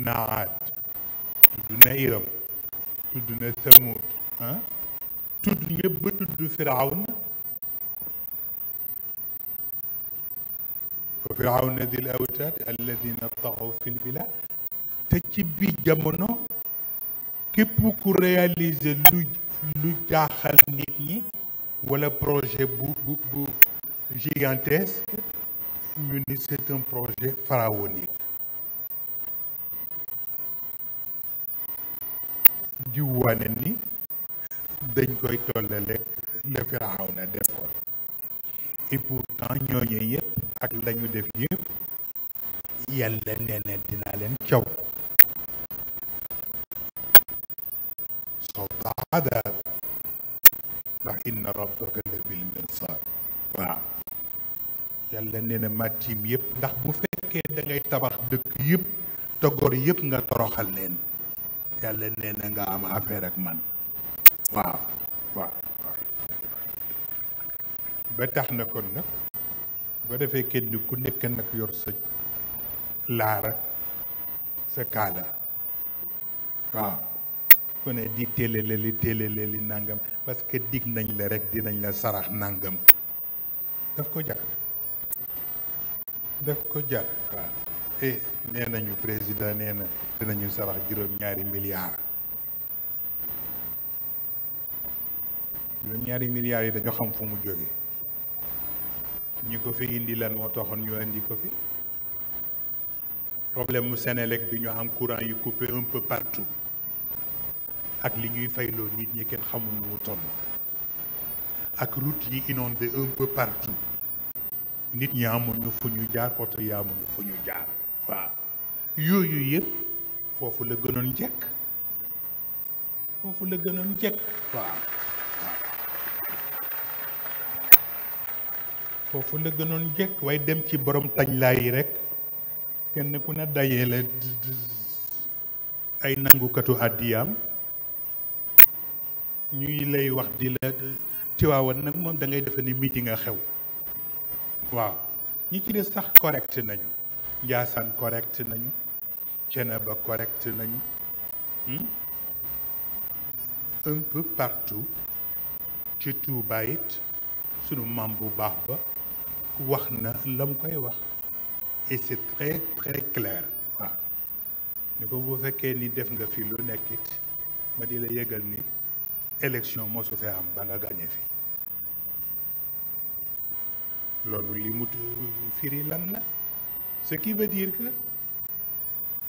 naat tudd na iram tudd na samut ah tudd ñëpp ba tudd firawna wa firawna dil awtaad alladina taxaw fi lbilad te ci biir jamono képp ku réaliser lu jaaxal nit ñi wala projet bu gigantesque ñu ni c'est un projet pharaonique di wane ni dañ koy tollale la firaaw na defoon et pourtant ñooñu yëpp ak lañu def yëpp yàlla nee dinaa leen caw sawta adab ndax inna rabbaka la bil mirsad waaw yàlla nee na matim ndax bu fekkee da tabax dëkk yëpp te yépp nga toroxal leen yàlla nee na nga am affaire ak man waaw waaw ba tax na kon nag ba defee kenn ku nekk nag yor sa laara sa kaala waaw ku ne di téelale li téelale li nangam parce que dig nañ la rek dinañ la sarax nangam daf ko jar daf ko jar waaw e nee nañu président nee na nañu sarax juróom-ñaari milliards juróom-ñaari milliards yi dañoo xam fu mu jóge ñi ko fi indi lan moo taxoon ñu indi ko fi problème mu Sénélec bi ñu am courant yu coupé un peu partout ak li ñuy fayloo nit ñi kenn xamul nu mu toll ak route yi inondé un peu partout nit ñi amuñu fu ñu jaar oto yi amuñu fu ñu jaar waaw yooyu yëpp foofu la gënoon jekk foofu la gënoon jekk waaw foofu la gënoon jekk waaye dem ci borom tañlaa yi rekk kenn ku ne dayee la ay nangukatu àddiyaam ñuy lay wax di la tiwaawan nag moom dangay ngay defe ni nga xew waaw ñi ci des sax correct nañu Njaasaan correct nañu Ceneba correct nañu hmm? un peu partout ci Tuuba it sunu maam bu baax ba wax na lam koy wax et c'est très très clair waaw ni ko bu fekkee ni def nga fi lu nekkit ma di la yëgal ni élection mosu fee am ba nga gàñe fi loolu li mu firi lan la ce qui veut dire que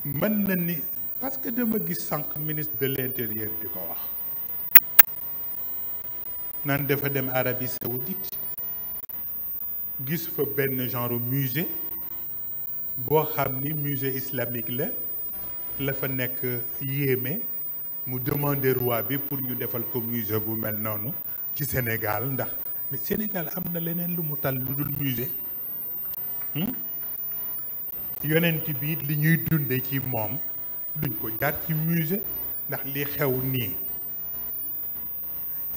mën na ni parce que dama gis sànq ministre de l'intérieur di ko wax nan dafa dem Arabie Saoudite gis fa benn genre musée boo xam ni musée islamique la la fa nekk yéeme mu demander roi bi pour ñu defal ko musée bu mel noonu ci Sénégal ndax mais Sénégal am na leneen lu mu tal lu dul musée hmm? yonent bi li ñuy dunde ci moom duñ ko jaar ci musée ndax li xew nii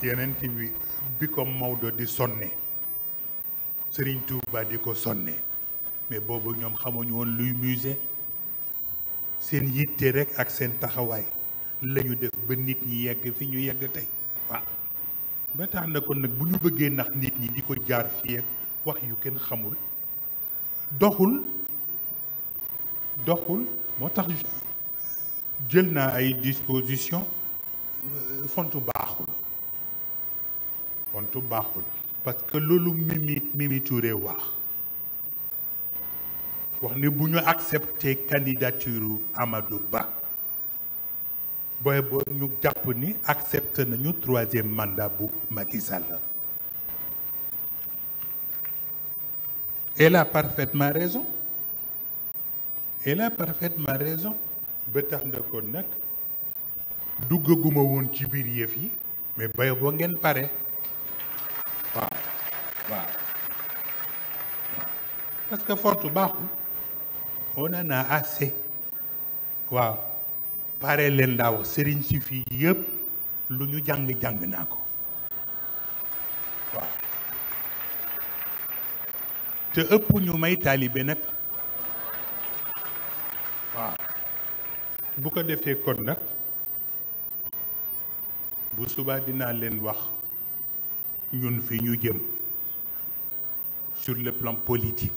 yonent bi bi ko Maodo di sonne sëriñ Touba di ko sonne mais boobu ñoom xamuñu woon luy musée seen yitte rek ak seen taxawaay lañu def ba nit ñi yegg fi ñu yegg tey waaw ba tax na kon nag bu ñu bëggee nax nit ñi di ko jaar fii ak wax yu kenn xamul doxul doxul moo tax jël naa ay disposition euh, fontu baaxul parce que loolu Mimi Mimi Touré wax wax ni bu ñu accepter candidature Amadou Ba booy boo ñu jàpp ni accepté nañu troisième mandat bu Macky la elle a parfaitement raison elle a parfaitement raison ba tax na kon nag duggaguma woon ci biir yëf yi mais bay boo ngeen pare waaw waaw parce que fortu baaxul on en a assez waaw pare leen ndaw sëriñ si fii yëpp lu ñu jàng-jàng naa ko waaw te ëpp ñu may taalibe nag bu ko defee kon nag bu subaa dinaa leen wax ñun fi ñu jëm sur le plan politique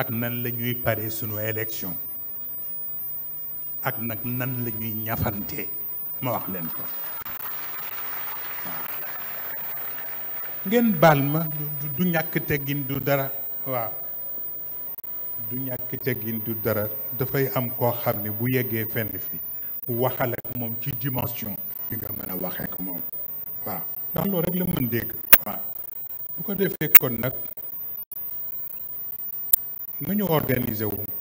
ak nan la ñuy pare sunu élection ak nag nan lañuy ñafante ma wax leen ko ngeen baal ma du ñàkk teggin du dara waa du ñàkk teggin du dara dafay am koo xam ne bu yeggee fenn fi waxal ak moom ci dimension bi nga mën a waxee ak moom waaw ndax loolu rek la mën dégg waaw bu ko defee kon nag nañu organiser wu